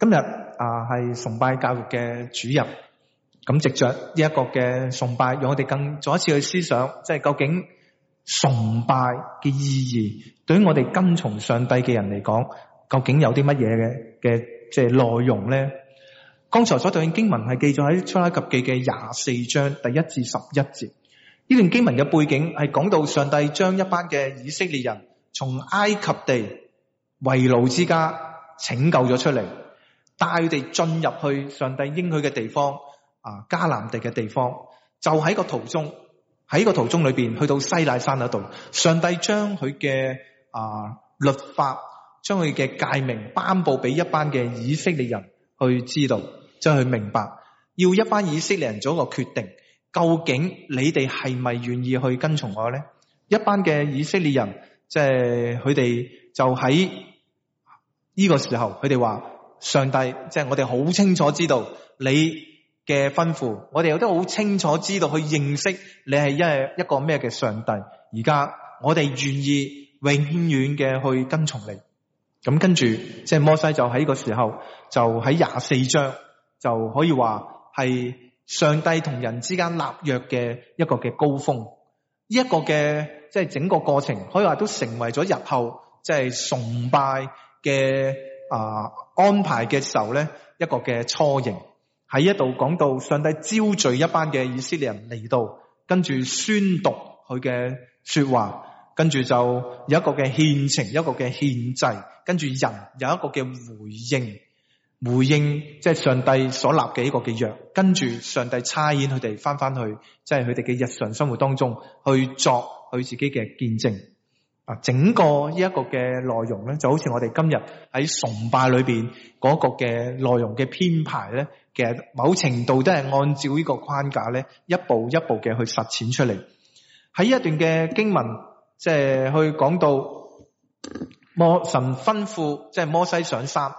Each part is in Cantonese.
今日啊，係崇拜教育嘅主任，咁藉着呢一個嘅崇拜，讓我哋更再一次去思想，即係究竟崇拜嘅意義，對於我哋跟從上帝嘅人嚟講，究竟有啲乜嘢嘅嘅即係內容咧？剛才所對應經文係記載喺出埃及記嘅廿四章第一至十一節。呢段經文嘅背景係講到上帝將一班嘅以色列人從埃及地為奴之家拯救咗出嚟。帶佢哋進入去上帝應許嘅地方，啊迦南地嘅地方，就喺個途中，喺個途中裏邊去到西奈山嗰度，上帝將佢嘅啊律法，將佢嘅誡命，頒布俾一班嘅以色列人去知道，即係去明白，要一班以色列人做一個決定，究竟你哋係咪願意去跟從我咧？一班嘅以色列人，即係佢哋就喺、是、呢個時候，佢哋話。上帝即係、就是、我哋好清楚知道你嘅吩咐，我哋有啲好清楚知道去認識你係一係一個咩嘅上帝。而家我哋願意永遠嘅去跟從你。咁跟住即係摩西就喺呢個時候就喺廿四章就可以話係上帝同人之間立約嘅一個嘅高峰。呢、這、一個嘅即係整個過程可以話都成為咗日後即係、就是、崇拜嘅。啊安排嘅時候咧，一個嘅雛形喺一度講到上帝召聚一班嘅以色列人嚟到，跟住宣讀佢嘅說話，跟住就有一個嘅獻情，一個嘅獻祭，跟住人有一個嘅回應，回應即係上帝所立嘅一個嘅約，跟住上帝差遣佢哋翻翻去，即係佢哋嘅日常生活當中去作佢自己嘅見證。整個呢一個嘅內容咧，就好似我哋今日喺崇拜裏邊嗰個嘅內容嘅編排咧，其實某程度都係按照呢個框架咧，一步一步嘅去實踐出嚟。喺一段嘅經文，即係去講到摩神吩咐，即係摩西上山，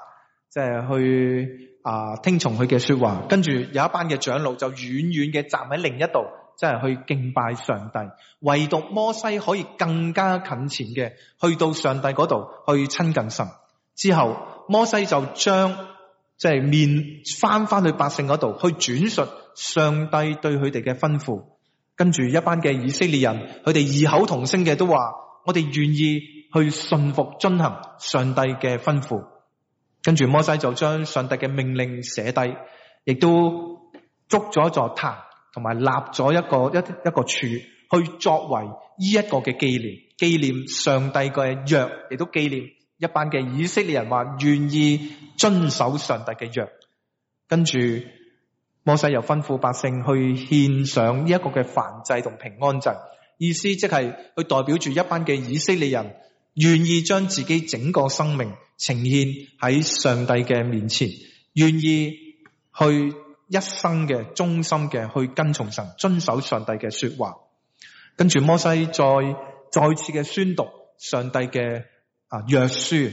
即係去啊聽從佢嘅説話。跟住有一班嘅長老就遠遠嘅站喺另一度。即係去敬拜上帝，唯獨摩西可以更加近前嘅，去到上帝嗰度去親近神。之後摩西就將即係面翻翻去百姓嗰度，去轉述上帝對佢哋嘅吩咐。跟住一班嘅以色列人，佢哋異口同聲嘅都話：我哋願意去順服遵行上帝嘅吩咐。跟住摩西就將上帝嘅命令寫低，亦都捉咗一座壇。同埋立咗一個一一個柱，去作為呢一個嘅紀念，紀念上帝嘅約，亦都紀念一班嘅以色列人話願意遵守上帝嘅約。跟住摩西又吩咐百姓去獻上呢一個嘅燔祭同平安祭，意思即係去代表住一班嘅以色列人願意將自己整個生命呈現喺上帝嘅面前，願意去。一生嘅忠心嘅去跟從神，遵守上帝嘅說話。跟住摩西再再次嘅宣讀上帝嘅啊約書，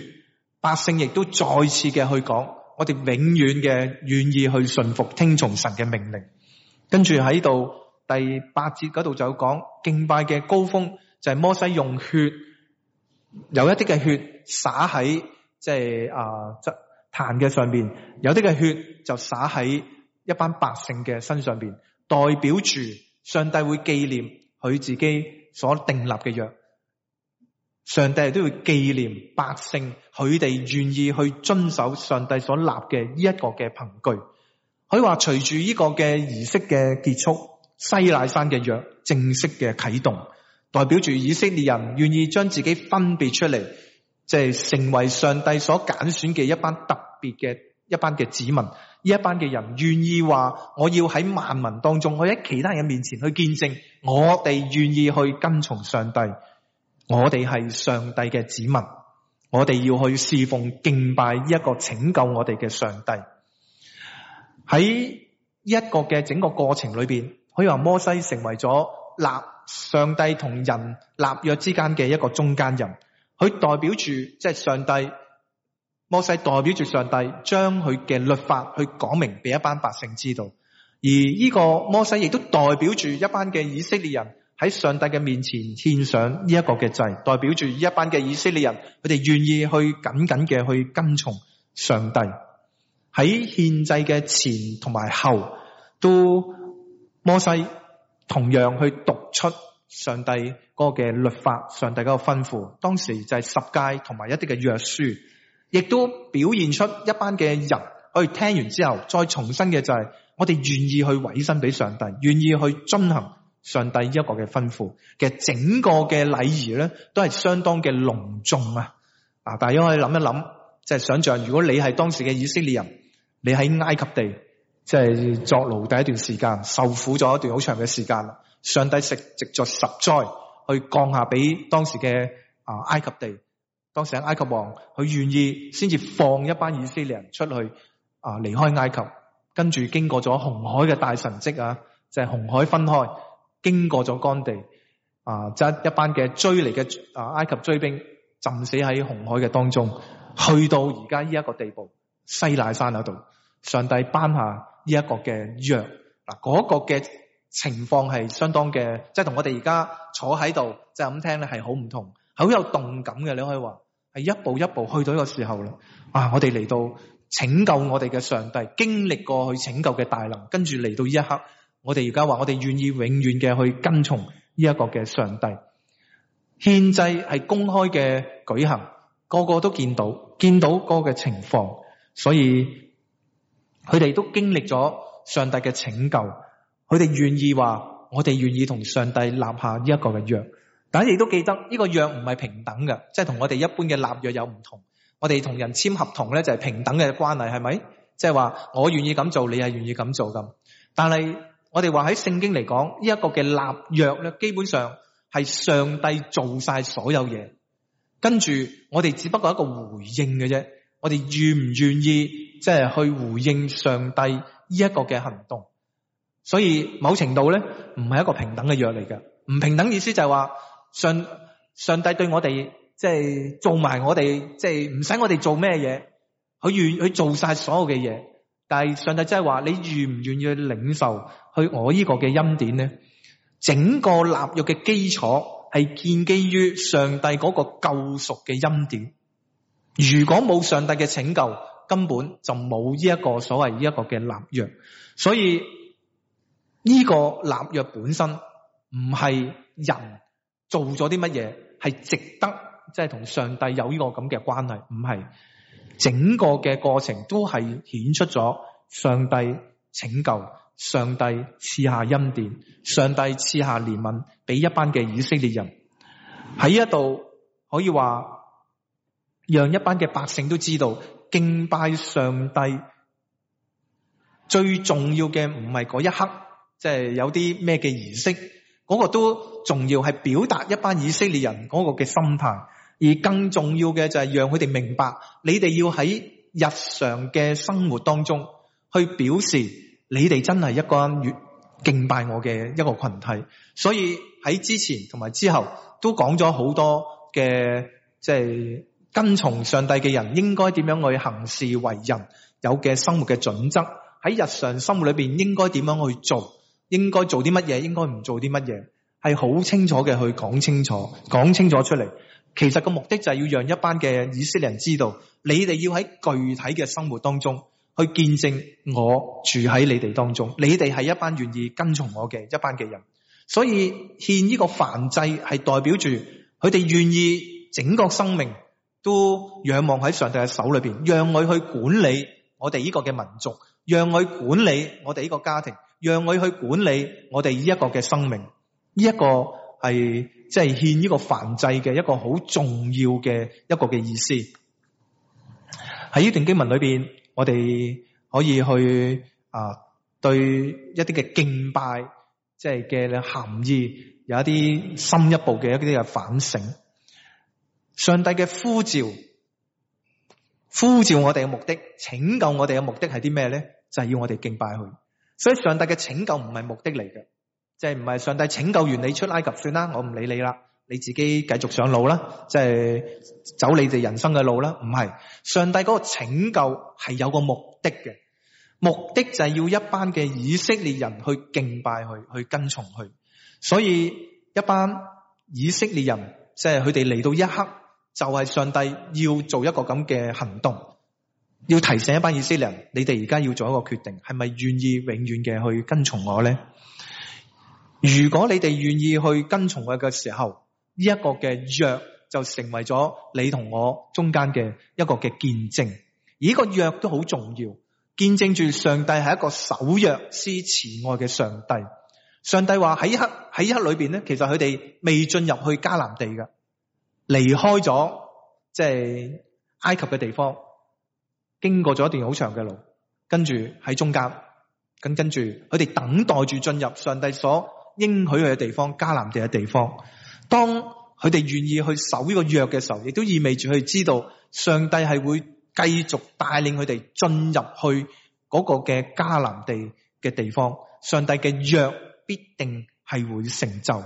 百姓亦都再次嘅去講，我哋永遠嘅願意去順服聽從神嘅命令。跟住喺度第八節嗰度就講敬拜嘅高峰就係摩西用血，有一啲嘅血灑喺即係啊壇嘅上邊，有啲嘅血就灑喺。一班百姓嘅身上邊，代表住上帝會紀念佢自己所訂立嘅約。上帝都會紀念百姓，佢哋願意去遵守上帝所立嘅呢一個嘅憑據。佢話，隨住呢個嘅儀式嘅結束，西奈山嘅約正式嘅啟動，代表住以色列人願意將自己分別出嚟，即係成為上帝所揀選嘅一班特別嘅。一班嘅子民，呢一班嘅人願意話，我要喺萬民當中，我喺其他人面前去見證，我哋願意去跟從上帝，我哋係上帝嘅子民，我哋要去侍奉敬拜呢一個拯救我哋嘅上帝。喺一個嘅整個過程裏邊，佢話摩西成為咗立上帝同人立約之間嘅一個中間人，佢代表住即係上帝。摩西代表住上帝，將佢嘅律法去講明俾一班百姓知道。而呢個摩西亦都代表住一班嘅以色列人喺上帝嘅面前獻上呢一個嘅祭，代表住一班嘅以色列人佢哋願意去緊緊嘅去跟從上帝。喺獻祭嘅前同埋後，都摩西同樣去讀出上帝嗰個嘅律法，上帝嗰個吩咐，當時就係十誡同埋一啲嘅約書。亦都表現出一班嘅人去聽完之後，再重新嘅就係我哋願意去委身俾上帝，願意去遵行上帝一個嘅吩咐嘅整個嘅禮儀咧，都係相當嘅隆重啊！啊，但係可以諗一諗，即係想象，如果你係當時嘅以色列人，你喺埃及地即係、就是、作奴第一段時間受苦咗一段好長嘅時間，上帝食直咗十災去降下俾當時嘅啊埃及地。當時埃及王，佢願意先至放一班以色列人出去啊，離開埃及，跟住經過咗紅海嘅大神迹啊，就係、是、紅海分開，經過咗乾地啊，即係一班嘅追嚟嘅啊埃及追兵，浸死喺紅海嘅當中，去到而家呢一個地步，西乃山嗰度，上帝頒下呢一個嘅約嗱，嗰、那個嘅情況係相當嘅，即係同我哋而家坐喺度就係、是、咁聽咧，係好唔同，係好有動感嘅，你可以話。係一步一步去到呢個時候啦，啊！我哋嚟到拯救我哋嘅上帝，經歷過去拯救嘅大能，跟住嚟到呢一刻，我哋而家話我哋願意永遠嘅去跟從呢一個嘅上帝，獻祭係公開嘅舉行，個個都見到，見到個嘅情況，所以佢哋都經歷咗上帝嘅拯救，佢哋願意話，我哋願意同上帝立下呢一個嘅約。我哋都記得呢個約唔係平等嘅，即係同我哋一般嘅立約有唔同。我哋同人簽合同呢，就係平等嘅關係，係咪？即係話我願意咁做，你係願意咁做咁。但係我哋話喺聖經嚟講，呢一個嘅立約咧，基本上係上帝做晒所有嘢，跟住我哋只不過一個回應嘅啫。我哋願唔願意即係去回應上帝呢一個嘅行動？所以某程度呢，唔係一個平等嘅約嚟嘅。唔平等意思就係話。上上帝對我哋即係做埋我哋即係唔使我哋做咩嘢，佢願去做晒所有嘅嘢。但係上帝即係話，你願唔願意領受去我呢個嘅恩典呢？整個立約嘅基礎係建基於上帝嗰個救贖嘅恩典。如果冇上帝嘅拯救，根本就冇呢一個所謂呢一個嘅立約。」所以呢個立約本身唔係人。做咗啲乜嘢，係值得，即係同上帝有呢個咁嘅關係？唔係整個嘅過程都係顯出咗上帝拯救，上帝賜下恩典、上帝賜下憐憫俾一班嘅以色列人喺一度，可以話讓一班嘅百姓都知道敬拜上帝最重要嘅唔係嗰一刻，即係有啲咩嘅儀式。嗰個都重要，係表達一班以色列人嗰個嘅心態，而更重要嘅就係讓佢哋明白，你哋要喺日常嘅生活當中去表示，你哋真係一個願敬拜我嘅一個群體。所以喺之前同埋之後都講咗好多嘅，即係跟從上帝嘅人應該點樣去行事為人有嘅生活嘅準則，喺日常生活裏邊應該點樣去做。應該做啲乜嘢，應該唔做啲乜嘢，係好清楚嘅去講清楚，講清楚出嚟。其實個目的就係要讓一班嘅以色列人知道，你哋要喺具體嘅生活當中去見證我住喺你哋當中，你哋係一班願意跟從我嘅一班嘅人。所以獻呢個燔祭係代表住佢哋願意整個生命都仰望喺上帝嘅手裏邊，讓佢去管理我哋呢個嘅民族，讓佢管理我哋呢個家庭。讓佢去管理我哋呢一個嘅生命，呢、這個、一個係即係獻呢個燔祭嘅一個好重要嘅一個嘅意思。喺呢段經文裏邊，我哋可以去啊對一啲嘅敬拜，即係嘅含義，有一啲深一步嘅一啲嘅反省。上帝嘅呼召，呼召我哋嘅目的，拯救我哋嘅目的係啲咩咧？就係、是、要我哋敬拜佢。所以上帝嘅拯救唔係目的嚟嘅，即係唔係上帝拯救完你出埃及算啦，我唔理你啦，你自己繼續上路啦，即係走你哋人生嘅路啦。唔係，上帝嗰個拯救係有個目的嘅，目的就係要一班嘅以色列人去敬拜佢，去跟從佢，所以一班以色列人即係佢哋嚟到一刻，就係上帝要做一個咁嘅行動。要提醒一班以色列人，你哋而家要做一個決定係咪願意永遠嘅去跟從我咧？如果你哋願意去跟從我嘅時候，呢一個嘅約就成為咗你同我中間嘅一個嘅見證。而呢個約都好重要，見證住上帝係一個守約施慈愛嘅上帝。上帝話喺一刻喺一刻裏邊咧，其實佢哋未進入去迦南地噶離開咗即係埃及嘅地方。經過咗一段好長嘅路，跟住喺中間，咁跟住佢哋等待住進入上帝所應許佢嘅地方迦南地嘅地方。當佢哋願意去守呢個約嘅時候，亦都意味住佢哋知道上帝係會繼續帶領佢哋進入去嗰個嘅迦南地嘅地方。上帝嘅約必定係會成就。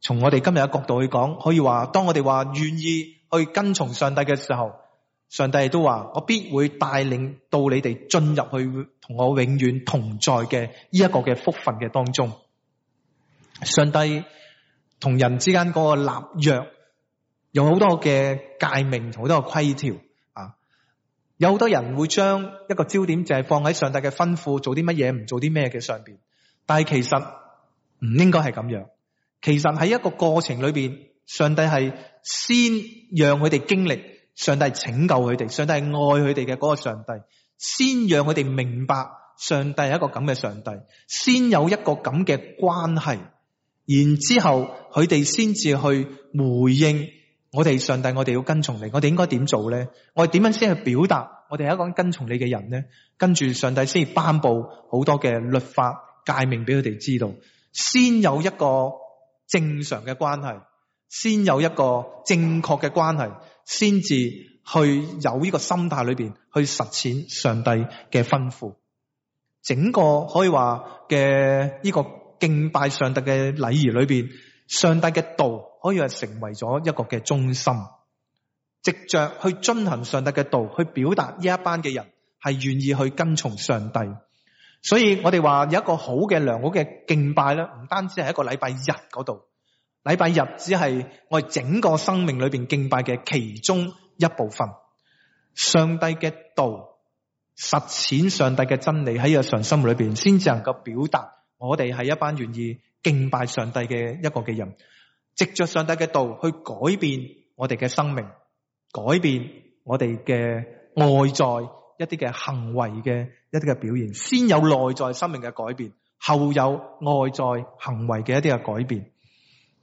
從我哋今日嘅角度去講，可以話當我哋話願意去跟從上帝嘅時候。上帝都話：我必會帶領到你哋進入去同我永遠同在嘅呢一個嘅福分嘅當中。上帝同人之間嗰個立約有好多嘅誡命同好多嘅規條啊，有好多人會將一個焦點淨係放喺上帝嘅吩咐做啲乜嘢唔做啲咩嘅上邊，但係其實唔應該係咁樣。其實喺一個過程裏邊，上帝係先讓佢哋經歷。上帝拯救佢哋，上帝愛佢哋嘅嗰個上帝，先讓佢哋明白上帝係一個咁嘅上帝，先有一個咁嘅關係，然之後佢哋先至去回應我哋上帝，我哋要跟從你，我哋應該點做咧？我哋點樣先去表達我哋係一個跟從你嘅人咧？跟住上帝先頒布好多嘅律法誡命俾佢哋知道，先有一個正常嘅關係，先有一個正確嘅關係。先至去有呢個心態裏邊去實踐上帝嘅吩咐，整個可以話嘅呢個敬拜上帝嘅禮儀裏邊，上帝嘅道可以係成為咗一個嘅中心，直着去遵行上帝嘅道，去表達呢一班嘅人係願意去跟從上帝。所以我哋話有一個好嘅良好嘅敬拜咧，唔單止係一個禮拜日嗰度。禮拜日只係我哋整個生命裏邊敬拜嘅其中一部分。上帝嘅道實踐，上帝嘅真理喺日常心裏邊，先至能夠表達我哋係一班願意敬拜上帝嘅一個嘅人，藉着上帝嘅道去改變我哋嘅生命，改變我哋嘅外在一啲嘅行為嘅一啲嘅表現，先有內在生命嘅改變，後有外在行為嘅一啲嘅改變。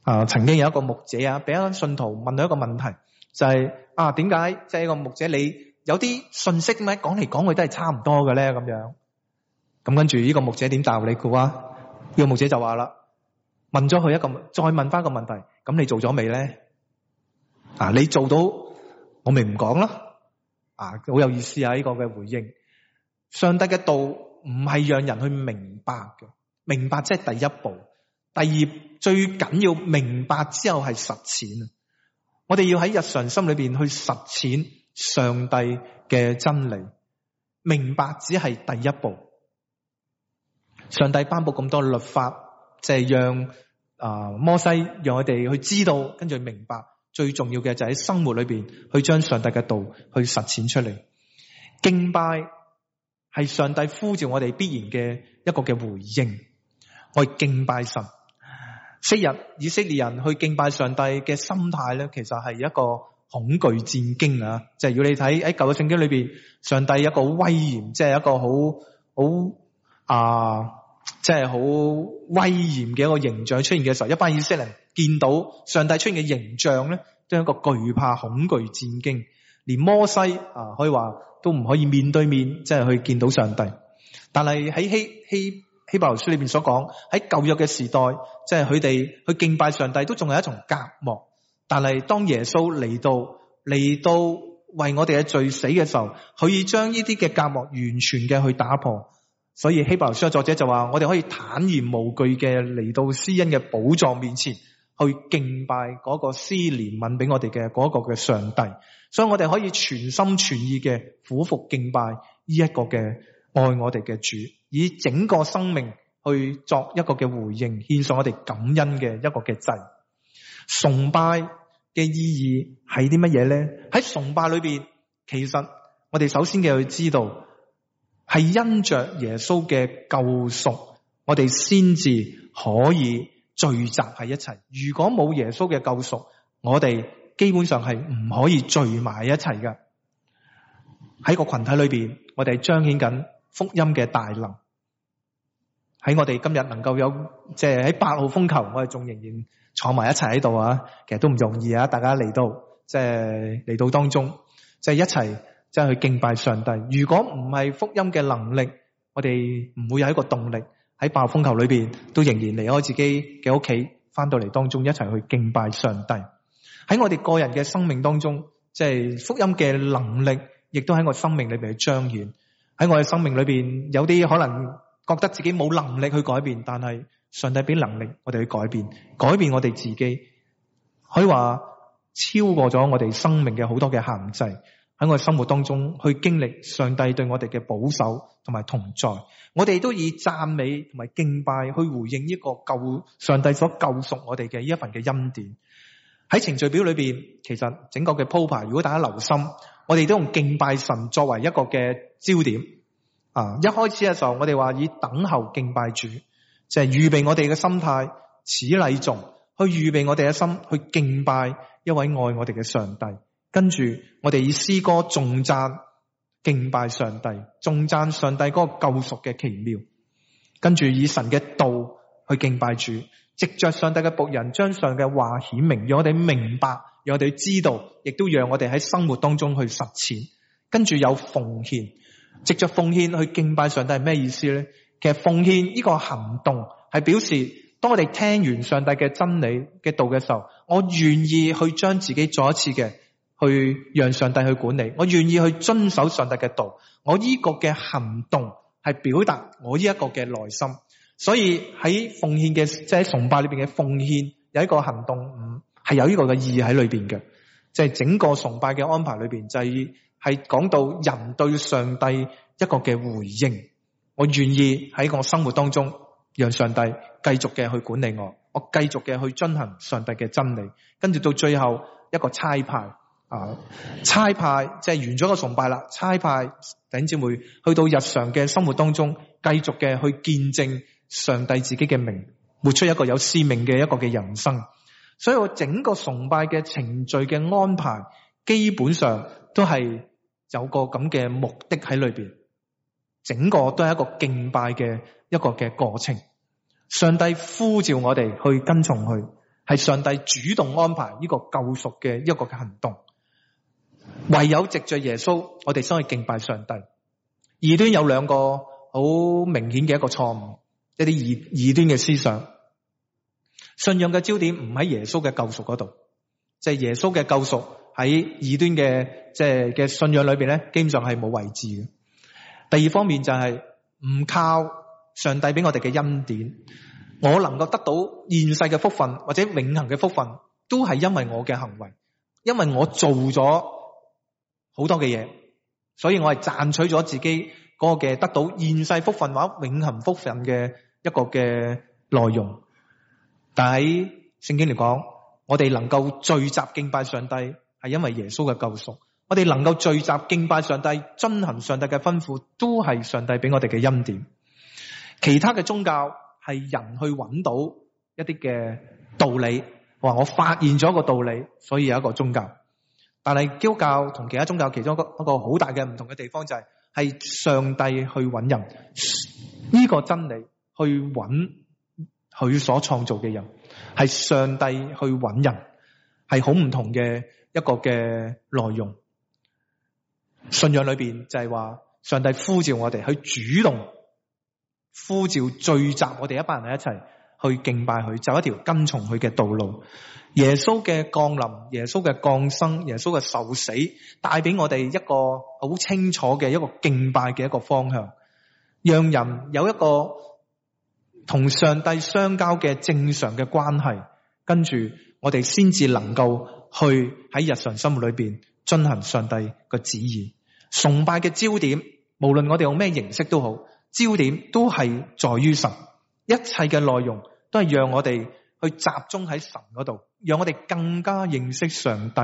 啊，曾經有一個牧者啊，俾一個信徒問到一個問題，就係、是、啊，點解即係個牧者你有啲信息咩？講講嚟講去都係差唔多嘅咧？咁樣咁跟住呢個牧者點答你嘅啊？呢個牧者就話啦，問咗佢一個，再問翻個個問題，咁你做咗未咧？啊，你做到我咪唔講咯？啊，好有意思啊！呢、這個嘅回應，上帝嘅道唔係讓人去明白嘅，明白即係第一步。第二，最緊要明白之後係實踐啊！我哋要喺日常心裏邊去實踐上帝嘅真理，明白只係第一步。上帝頒佈咁多律法，就係讓啊摩西讓我哋去知道，跟住明白。最重要嘅就喺生活裏邊去將上帝嘅道去實踐出嚟。敬拜係上帝呼召我哋必然嘅一個嘅回應，我哋敬拜神。昔日以色列人去敬拜上帝嘅心態咧，其實係一個恐懼戰驚啊！就係要你睇喺舊嘅聖經裏邊，上帝一個好威嚴，即係一個好好啊，即係好威嚴嘅一個形象出現嘅時候，一班以色列人見到上帝出現嘅形象咧，都係一個懼怕、恐懼戰驚，連摩西啊，可以話都唔可以面對面，即係去見到上帝。但係喺希希。希希伯來書裏面所講喺舊約嘅時代，即係佢哋去敬拜上帝都仲係一種隔膜。但係當耶穌嚟到嚟到，為我哋嘅罪死嘅時候，可以將呢啲嘅隔膜完全嘅去打破。所以希伯來書嘅作者就話：我哋可以坦然無懼嘅嚟到施恩嘅寶座面前去敬拜嗰個施憐憫俾我哋嘅嗰一個嘅上帝。所以我哋可以全心全意嘅俯伏敬拜呢一個嘅愛我哋嘅主。以整個生命去作一個嘅回應，獻上我哋感恩嘅一個嘅祭。崇拜嘅意義係啲乜嘢咧？喺崇拜裏邊，其實我哋首先嘅要知道係因着耶穌嘅救贖，我哋先至可以聚集喺一齊。如果冇耶穌嘅救贖，我哋基本上係唔可以聚埋一齊㗎。喺個群體裏邊，我哋彰顯緊福音嘅大能。喺我哋今日能夠有即係喺八號風球，我哋仲仍然坐埋一齊喺度啊！其實都唔容易啊！大家嚟到即係嚟到當中，即係一齊即係去敬拜上帝。如果唔係福音嘅能力，我哋唔會有一個動力喺八號風球裏邊都仍然離開自己嘅屋企，翻到嚟當中一齊去敬拜上帝。喺我哋個人嘅生命當中，即係福音嘅能力，亦都喺我生命裏邊嘅彰顯。喺我嘅生命裏邊，有啲可能覺得自己冇能力去改變，但係上帝俾能力我哋去改變，改變我哋自己，可以話超過咗我哋生命嘅好多嘅限制，喺我哋生活當中去經歷上帝對我哋嘅保守同埋同在，我哋都以讚美同埋敬拜去回應呢個救上帝所救贖我哋嘅呢一份嘅恩典。喺程序表裏邊，其實整個嘅鋪排，如果大家留心，我哋都用敬拜神作為一個嘅焦點。啊！一開始嘅時候，我哋話以等候敬拜主，就係、是、預備我哋嘅心態。此禮重去預備我哋嘅心，去敬拜一位愛我哋嘅上帝。跟住我哋以詩歌頌讚敬拜上帝，頌讚上帝嗰個救贖嘅奇妙。跟住以神嘅道去敬拜主，藉着上帝嘅僕人將上嘅話顯明，讓我哋明白，讓我哋知道，亦都讓我哋喺生活當中去實踐，跟住有奉獻。藉着奉獻去敬拜上帝係咩意思咧？其實奉獻呢個行動係表示，當我哋聽完上帝嘅真理嘅道嘅時候，我願意去將自己再一次嘅去讓上帝去管理，我願意去遵守上帝嘅道。我呢個嘅行動係表達我呢一個嘅內心。所以喺奉獻嘅即係崇拜裏邊嘅奉獻有一個行動係有呢個嘅意義喺裏邊嘅，即係整個崇拜嘅安排裏邊就係。係講到人對上帝一個嘅回應，我願意喺我生活當中讓上帝繼續嘅去管理我，我繼續嘅去遵行上帝嘅真理，跟住到最後一個差派啊，差派即係完咗一個崇拜啦，差派頂姐妹去到日常嘅生活當中繼續嘅去見證上帝自己嘅名，活出一個有使命嘅一個嘅人生，所以我整個崇拜嘅程序嘅安排，基本上都係。有個咁嘅目的喺裏邊，整個都係一個敬拜嘅一個嘅過程。上帝呼召我哋去跟從佢，係上帝主動安排呢個救贖嘅一個嘅行動。唯有藉著耶穌，我哋先去敬拜上帝。異端有兩個好明顯嘅一個錯誤，一啲異異端嘅思想，信仰嘅焦點唔喺耶穌嘅救贖嗰度，即係耶穌嘅救贖。喺異端嘅即係嘅信仰裏邊咧，基本上係冇位置嘅。第二方面就係唔靠上帝俾我哋嘅恩典，我能夠得到現世嘅福分或者永恒嘅福分，都係因為我嘅行為，因為我做咗好多嘅嘢，所以我係賺取咗自己嗰個嘅得到現世福分或者永恒福分嘅一個嘅內容。但喺聖經嚟講，我哋能夠聚集敬拜上帝，係因為耶穌嘅救贖，我哋能夠聚集敬拜上帝、遵行上帝嘅吩咐，都係上帝俾我哋嘅恩典。其他嘅宗教係人去揾到一啲嘅道理，話我，我發現咗一個道理，所以有一個宗教。但係基督教同其他宗教其中一個一個好大嘅唔同嘅地方就係、是，係上帝去揾人，呢、這個真理去揾佢所創造嘅人，係上帝去揾人，係好唔同嘅。一個嘅內容，信仰裏邊就係話，上帝呼召我哋去，主動呼召聚集我哋一班人一齊去敬拜佢，走一條跟從佢嘅道路。耶穌嘅降臨，耶穌嘅降生，耶穌嘅受死，帶俾我哋一個好清楚嘅一個敬拜嘅一個方向，讓人有一個同上帝相交嘅正常嘅關係，跟住我哋先至能夠。去喺日常生活裏邊進行上帝嘅旨意，崇拜嘅焦點，無論我哋用咩形式都好，焦點都係在於神，一切嘅內容都係讓我哋去集中喺神嗰度，讓我哋更加認識上帝。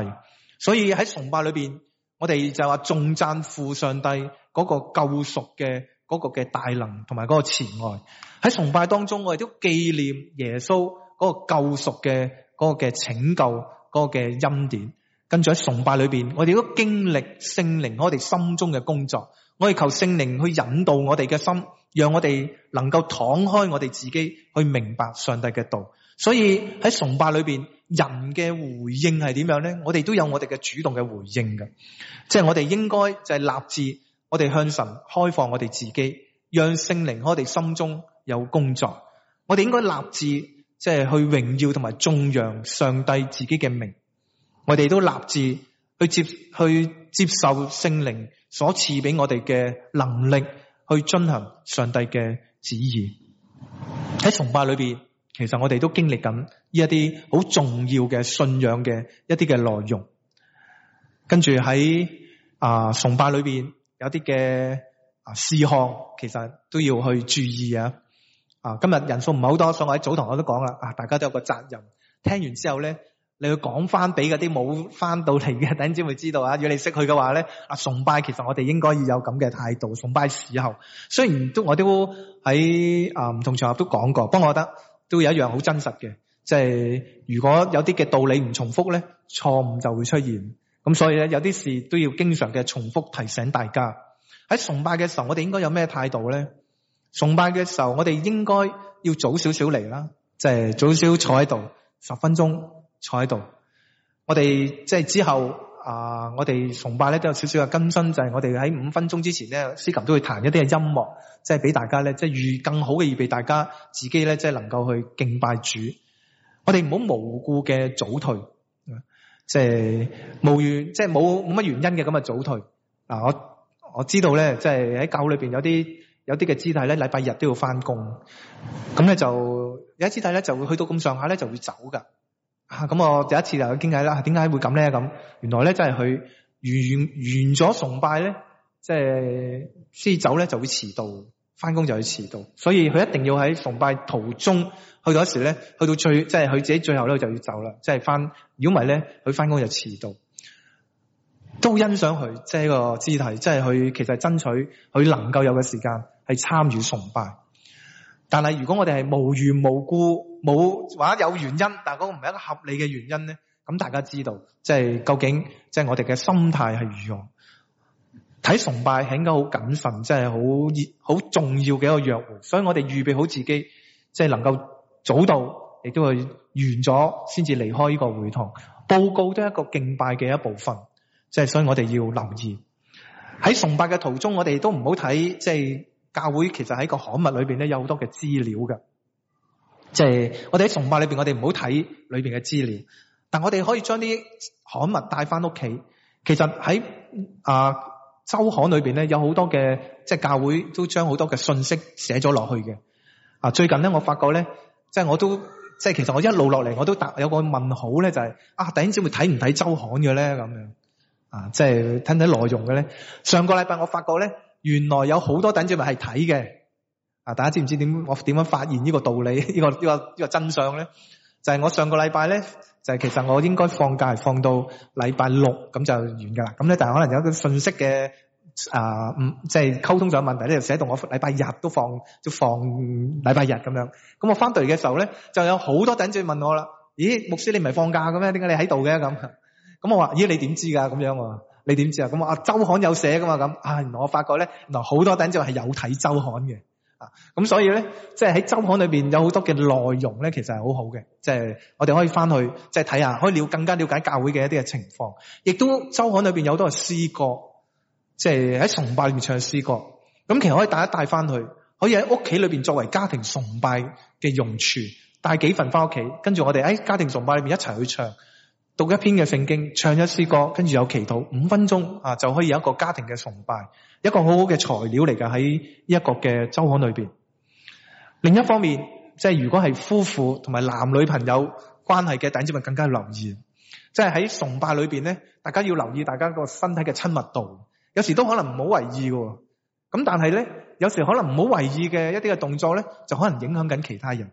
所以喺崇拜裏邊，我哋就話頌讚父上帝嗰個救贖嘅嗰個嘅大能，同埋嗰個慈愛。喺崇拜當中，我哋都紀念耶穌嗰個救贖嘅嗰個嘅拯救。多嘅恩典，跟住喺崇拜裏邊，我哋都經歷聖靈我哋心中嘅工作。我哋求聖靈去引導我哋嘅心，讓我哋能夠敞開我哋自己去明白上帝嘅道。所以喺崇拜裏邊，人嘅回應係點樣咧？我哋都有我哋嘅主動嘅回應嘅，即係我哋應該就係立志，我哋向神開放我哋自己，讓聖靈我哋心中有工作。我哋應該立志，即係去榮耀同埋頌揚上帝自己嘅名，我哋都立志去接去接受聖靈所賜俾我哋嘅能力，去遵行上帝嘅旨意。喺崇拜裏邊，其實我哋都經歷緊呢一啲好重要嘅信仰嘅一啲嘅內容跟在，跟住喺啊崇拜裏邊有啲嘅啊事項，其實都要去注意啊。啊！今日人數唔係好多，所以我喺早堂我都講啦。啊，大家都有個責任。聽完之後咧，你要講翻俾嗰啲冇翻到嚟嘅，等陣先會知道啊。如果你識佢嘅話咧，啊，崇拜其實我哋應該要有咁嘅態度，崇拜時候。雖然都我都喺唔同場合都講過，不過我覺得都有一樣好真實嘅，即係如果有啲嘅道理唔重複咧，錯誤就會出現。咁所以咧，有啲事都要經常嘅重複提醒大家。喺崇拜嘅時候，我哋應該有咩態度咧？崇拜嘅時候，我哋應該要早少少嚟啦，即係早少坐喺度十分鐘坐喺度。我哋即係之後啊、呃，我哋崇拜咧都有少少嘅更新，就係我哋喺五分鐘之前咧，司琴都會彈一啲嘅音樂，即係俾大家咧，即係預更好嘅預備，大家自己咧即係能夠去敬拜主。我哋唔好無故嘅早退，即係無緣，即係冇冇乜原因嘅咁嘅早退。嗱，我我知道咧，即係喺教裏邊有啲。有啲嘅肢體咧，禮拜日都要翻工，咁咧就有一肢體咧就會去到咁上下咧就會走噶，咁、啊、我第一次就去傾偈啦，點解會咁咧？咁原來咧真係佢完完咗崇拜咧，即係先走咧就會遲到，翻工就會遲到，所以佢一定要喺崇拜途中去到時咧，去到最即係佢自己最後咧就要走啦，即係翻，如果唔係咧，佢翻工就遲到。都欣賞佢，即係個肢體，即係佢其實爭取佢能夠有嘅時間係參與崇拜。但係如果我哋係無緣無故冇話有原因，但係嗰個唔係一個合理嘅原因咧，咁大家知道即係、就是、究竟即係、就是、我哋嘅心態係如何睇崇拜，係應該好謹慎，即係好好重要嘅一個約會。所以我哋預備好自己，即、就、係、是、能夠早到，亦都會完咗先至離開呢個會堂，報告都係一個敬拜嘅一部分。即係所以我哋要留意喺崇拜嘅途中，我哋都唔好睇。即係教會其實喺個刊物裏邊咧，有好多嘅資料嘅，即係我哋喺崇拜裏邊，我哋唔好睇裏邊嘅資料，但我哋可以將啲刊物帶翻屋企。其實喺啊周刊裏邊咧，有好多嘅即係教會都將好多嘅信息寫咗落去嘅。啊最近咧，我發覺咧，即係我都即係其實我一路落嚟，我都答有個問號咧，啊，就係啊，弟兄姊妹睇唔睇周刊嘅咧咁樣？啊，即係睇睇內容嘅咧。上個禮拜我發覺咧，原來有好多等住係睇嘅。啊，大家知唔知點我點樣發現呢個道理？呢個呢個呢個真相咧，就係我上個禮拜咧，就係其實我應該放假係放到禮拜六，咁就完噶啦。咁咧，但係可能有啲信息嘅啊，即係溝通上有問題咧，就寫到我禮拜日都放，都放禮拜日咁樣。咁我翻嚟嘅時候咧，就有好多等住問我啦。咦，牧師你唔係放假嘅咩？點解你喺度嘅咁？咁我話咦，你點知噶咁樣？你點知啊？咁啊，周刊有寫噶嘛？咁啊，原來我發覺咧，好多弟兄就係有睇周刊嘅啊。咁所以咧，即係喺周刊裏邊有好多嘅內容咧，其實係好好嘅。即係我哋可以翻去即係睇下，可以了，可以了更加了解教會嘅一啲嘅情況。亦都周刊裏邊有好多詩歌，即係喺崇拜裏面唱詩歌。咁其實可以帶一帶翻去，可以喺屋企裏邊作為家庭崇拜嘅用處，帶幾份翻屋企，跟住我哋喺家庭崇拜裏邊一齊去唱。讀一篇嘅聖經，唱一首詩歌，跟住有祈禱，五分鐘啊就可以有一個家庭嘅崇拜，一個好好嘅材料嚟㗎，喺呢一個嘅周刊裏邊。另一方面，即係如果係夫婦同埋男女朋友關係嘅弟兄姊妹更加留意，即係喺崇拜裏邊咧，大家要留意大家個身體嘅親密度，有時都可能唔好為意喎。咁但係咧，有時可能唔好為意嘅一啲嘅動作咧，就可能影響緊其他人。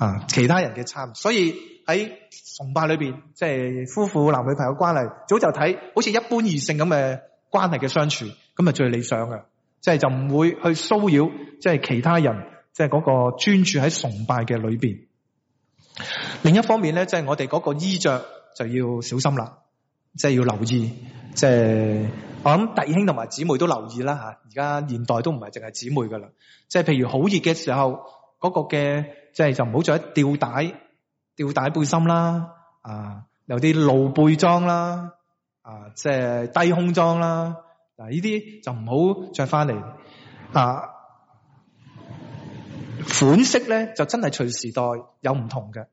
啊！其他人嘅參與，所以喺崇拜裏邊，即係夫婦男女朋友關係，早就睇好似一般異性咁嘅關係嘅相處，咁啊最理想嘅，即係就唔會去騷擾，即係其他人，即係嗰個專注喺崇拜嘅裏邊。另一方面咧，即係我哋嗰個衣着就要小心啦，即係要留意，即係我諗弟兄同埋姊妹都留意啦吓。而家年代都唔係淨係姊妹噶啦，即係譬如好熱嘅時候，嗰個嘅。即係就唔好着吊帶吊帶背心啦，啊有啲露背裝啦，啊即係、就是、低胸裝啦，嗱呢啲就唔好着翻嚟。啊，啊款式咧就真係隨時代有唔同嘅，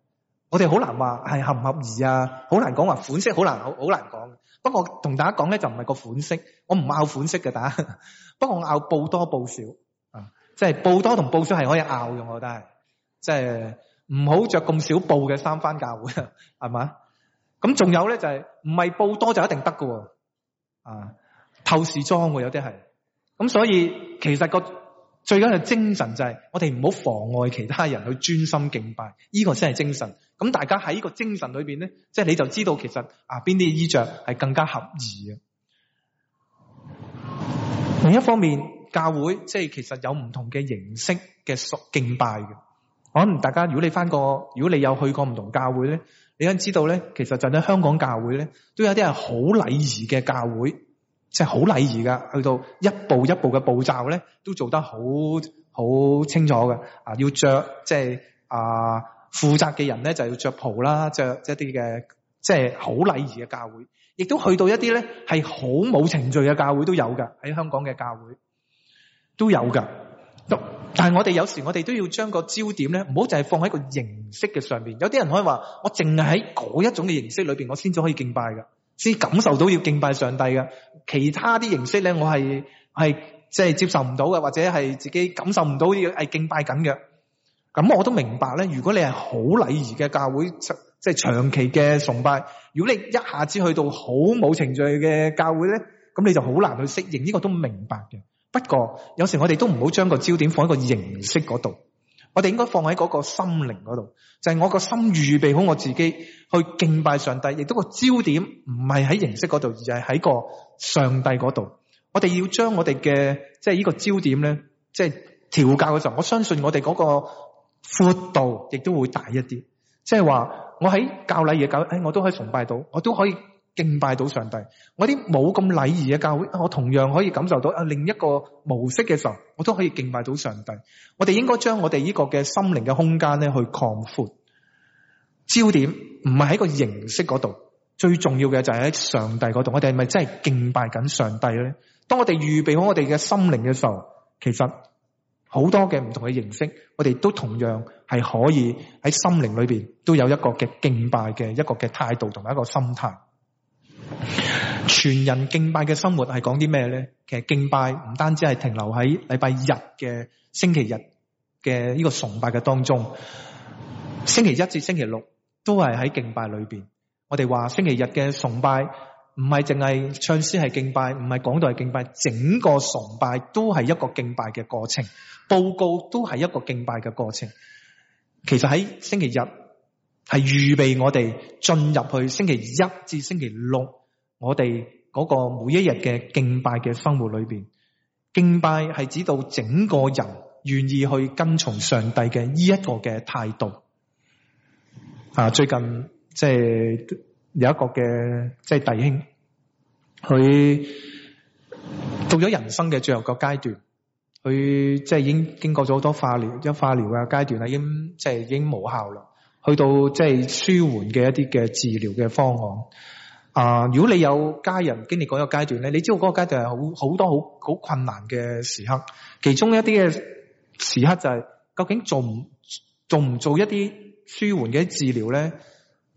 我哋好難話係合唔合宜啊，好難講話款式好難好難講。不過同大家講咧就唔係個款式，我唔拗款式嘅，但係不過我拗布多布少啊，即、就、係、是、布多同布少係可以拗嘅，我覺得係。即係唔好着咁少布嘅衫返教會，係嘛？咁仲有咧就係唔係布多就一定得㗎啊？透視裝嘅有啲係。咁所以其實個最緊嘅精神就係我哋唔好妨礙其他人去專心敬拜，依個先係精神。咁大家喺依個精神裏邊咧，即係你就知道其實啊邊啲衣着係更加合宜嘅。另一方面，教會即係其實有唔同嘅形式嘅敬拜嘅。可能大家如果你翻過，如果你有去過唔同教會咧，你肯知道咧，其實就喺香港教會咧，都有啲係好禮儀嘅教會，即係好禮儀噶，去到一步一步嘅步驟咧，都做得好好清楚嘅，就是。啊，要着即係啊，負責嘅人咧就要着袍啦，着，就是，一啲嘅即係好禮儀嘅教會，亦都去到一啲咧係好冇程序嘅教會都有噶，喺香港嘅教會都有噶。但係我哋有時我哋都要將個焦點咧，唔好就係放喺個形式嘅上邊。有啲人可以話，我淨係喺嗰一種嘅形式裏邊，我先至可以敬拜嘅，先感受到要敬拜上帝嘅。其他啲形式咧，我係係即係接受唔到嘅，或者係自己感受唔到要係敬拜緊嘅。咁我都明白咧，如果你係好禮儀嘅教會，即係長期嘅崇拜；如果你一下子去到好冇程序嘅教會咧，咁你就好難去適應。呢個都明白嘅。不過有時我哋都唔好將個焦點放喺個形式嗰度，我哋應該放喺嗰個心靈嗰度，就係我個心預備好我自己去敬拜上帝，亦都個焦點唔係喺形式嗰度，而係喺個上帝嗰度。我哋要將我哋嘅即係呢個焦點咧，即係調教嘅時候，我相信我哋嗰個闊度亦都會大一啲。即係話我喺教禮嘢教，誒我都可以崇拜到，我都可以。敬拜到上帝，我啲冇咁禮儀嘅教會，我同樣可以感受到另一個模式嘅時候，我都可以敬拜到上帝。我哋應該將我哋呢個嘅心靈嘅空間咧去擴闊，焦點唔係喺個形式嗰度，最重要嘅就係喺上帝嗰度。我哋係咪真係敬拜緊上帝咧？當我哋預備好我哋嘅心靈嘅時候，其實好多嘅唔同嘅形式，我哋都同樣係可以喺心靈裏邊都有一個嘅敬拜嘅一個嘅態度同埋一個心態。全人敬拜嘅生活係講啲咩咧？其實敬拜唔單止係停留喺禮拜日嘅星期日嘅呢個崇拜嘅當中，星期一至星期六都係喺敬拜裏邊。我哋話星期日嘅崇拜唔係淨係唱詩係敬拜，唔係講道係敬拜，整個崇拜都係一個敬拜嘅過程，報告都係一個敬拜嘅過程。其實喺星期日係預備我哋進入去星期一至星期六。我哋嗰個每一日嘅敬拜嘅生活裏邊，敬拜係指到整個人願意去跟從上帝嘅呢一個嘅態度。啊，最近即係有一個嘅即係弟兄，佢到咗人生嘅最後個階段，佢即係已經經過咗好多化療，將化療嘅階段啦，已經即係已經冇效啦，去到即係舒緩嘅一啲嘅治療嘅方案。啊！如果你有家人經歷嗰個階段咧，你知道嗰個階段係好好多好好困難嘅時刻，其中一啲嘅時刻就係、是、究竟做唔做唔做一啲舒緩嘅治療咧，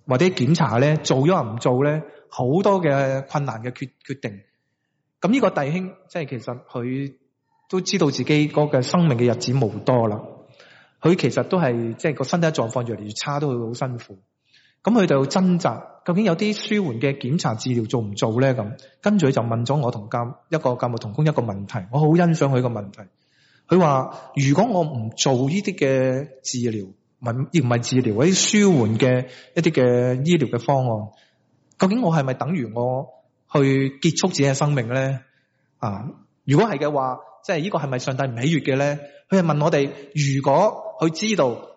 或者檢查咧，做咗唔做咧，好多嘅困難嘅決決定。咁呢個弟兄即係其實佢都知道自己嗰個生命嘅日子無多啦，佢其實都係即係個身體狀況越嚟越差，都好辛苦。咁佢就掙扎。究竟有啲舒緩嘅檢查治療做唔做咧？咁跟住佢就問咗我同監一個教牧同工一個問題，我好欣賞佢個問題。佢話，如果我唔做呢啲嘅治療，唔亦唔係治療一啲舒緩嘅一啲嘅醫療嘅方案，究竟我係咪等於我去結束自己嘅生命咧？啊，如果係嘅話，即係呢個係咪上帝唔喜悅嘅咧？佢係問我哋，如果佢知道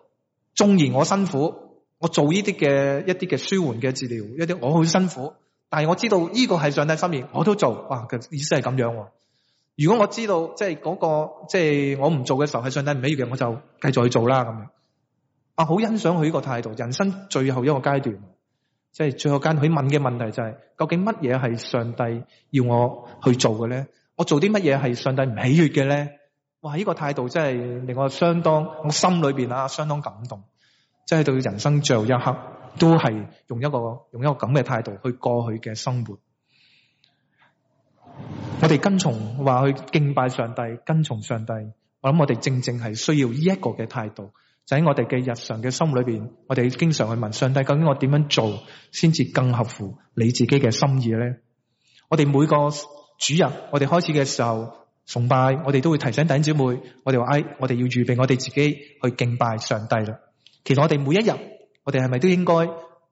縱然我辛苦。我做呢啲嘅一啲嘅舒緩嘅治療，一啲我好辛苦，但係我知道呢個係上帝心意，我都做。哇，嘅意思係咁樣、啊。如果我知道即係嗰個即係、就是、我唔做嘅時候係上帝唔喜悅嘅，我就繼續去做啦咁樣。啊，好欣賞佢呢個態度。人生最後一個階段，即、就、係、是、最後間佢問嘅問題就係、是：究竟乜嘢係上帝要我去做嘅咧？我做啲乜嘢係上帝唔喜悅嘅咧？哇！呢、這個態度真係令我相當，我心裏邊啊相當感動。即係到人生最後一刻，都係用一個用一個咁嘅態度去過去嘅生活。我哋跟從話去敬拜上帝，跟從上帝。我諗我哋正正係需要呢一個嘅態度，就喺、是、我哋嘅日常嘅心裏裏邊，我哋經常去問上帝：究竟我點樣做先至更合乎你自己嘅心意咧？我哋每個主日，我哋開始嘅時候崇拜，我哋都會提醒弟兄姊妹：我哋話，哎，我哋要預備我哋自己去敬拜上帝啦。其實我哋每一日，我哋係咪都應該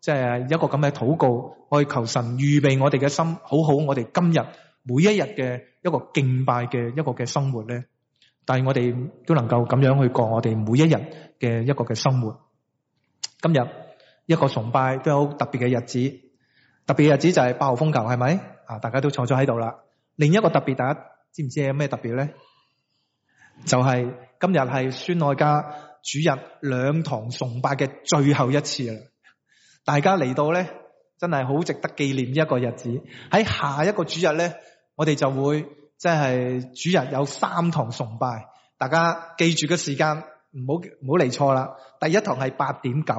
即係一個咁嘅禱告，去求神預備我哋嘅心，好好我哋今日每一日嘅一個敬拜嘅一個嘅生活咧。但係我哋都能夠咁樣去過我哋每一日嘅一個嘅生活。今日一個崇拜都有好特別嘅日子，特別嘅日子就係八號風球，係咪？啊，大家都坐咗喺度啦。另一個特別，大家知唔知有咩特別咧？就係今日係孫愛家。主日兩堂崇拜嘅最後一次啦，大家嚟到咧，真係好值得紀念一個日子。喺下一個主日咧，我哋就會即係主日有三堂崇拜，大家記住嘅時間唔好唔好嚟錯啦。第一堂係八點九，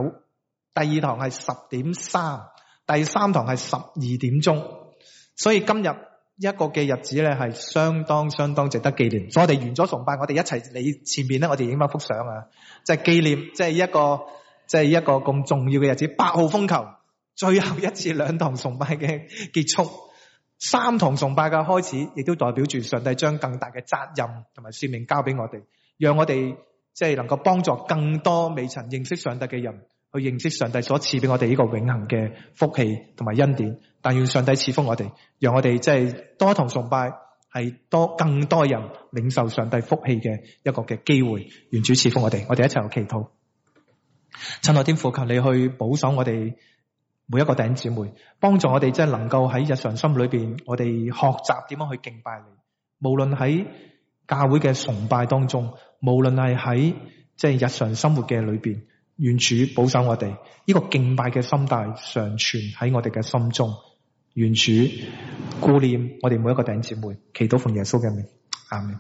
第二堂係十點三，第三堂係十二點鐘。所以今日。一個嘅日子咧，係相當相當值得紀念。所以我哋完咗崇拜，我哋一齊，你前面咧，我哋影翻幅相啊，即係紀念，即係一個，即係一個咁重要嘅日子。八號風球，最後一次兩堂崇拜嘅結束，三堂崇拜嘅開始，亦都代表住上帝將更大嘅責任同埋使命交俾我哋，讓我哋即係能夠幫助更多未曾認識上帝嘅人。去認識上帝所賜俾我哋呢個永恆嘅福氣同埋恩典，但願上帝賜福我哋，讓我哋即係多一堂崇拜，係多更多人領受上帝福氣嘅一個嘅機會。願主賜福我哋，我哋一齊去祈禱。親愛天父，求你去保守我哋每一個弟兄姊妹，幫助我哋即係能夠喺日常心裏邊，我哋學習點樣去敬拜你。無論喺教會嘅崇拜當中，無論係喺即係日常生活嘅裏邊。願主保守我哋，呢、這個敬拜嘅心態常存喺我哋嘅心中。願主顧念我哋每一個弟兄姊妹，祈禱奉耶穌嘅名，阿門。